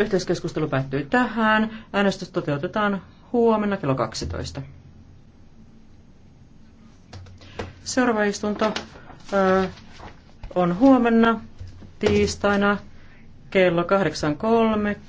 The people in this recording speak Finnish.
Yhteiskeskustelu päättyy tähän. Äänestys toteutetaan huomenna kello 12. Seuraava istunto on huomenna tiistaina kello 8.30.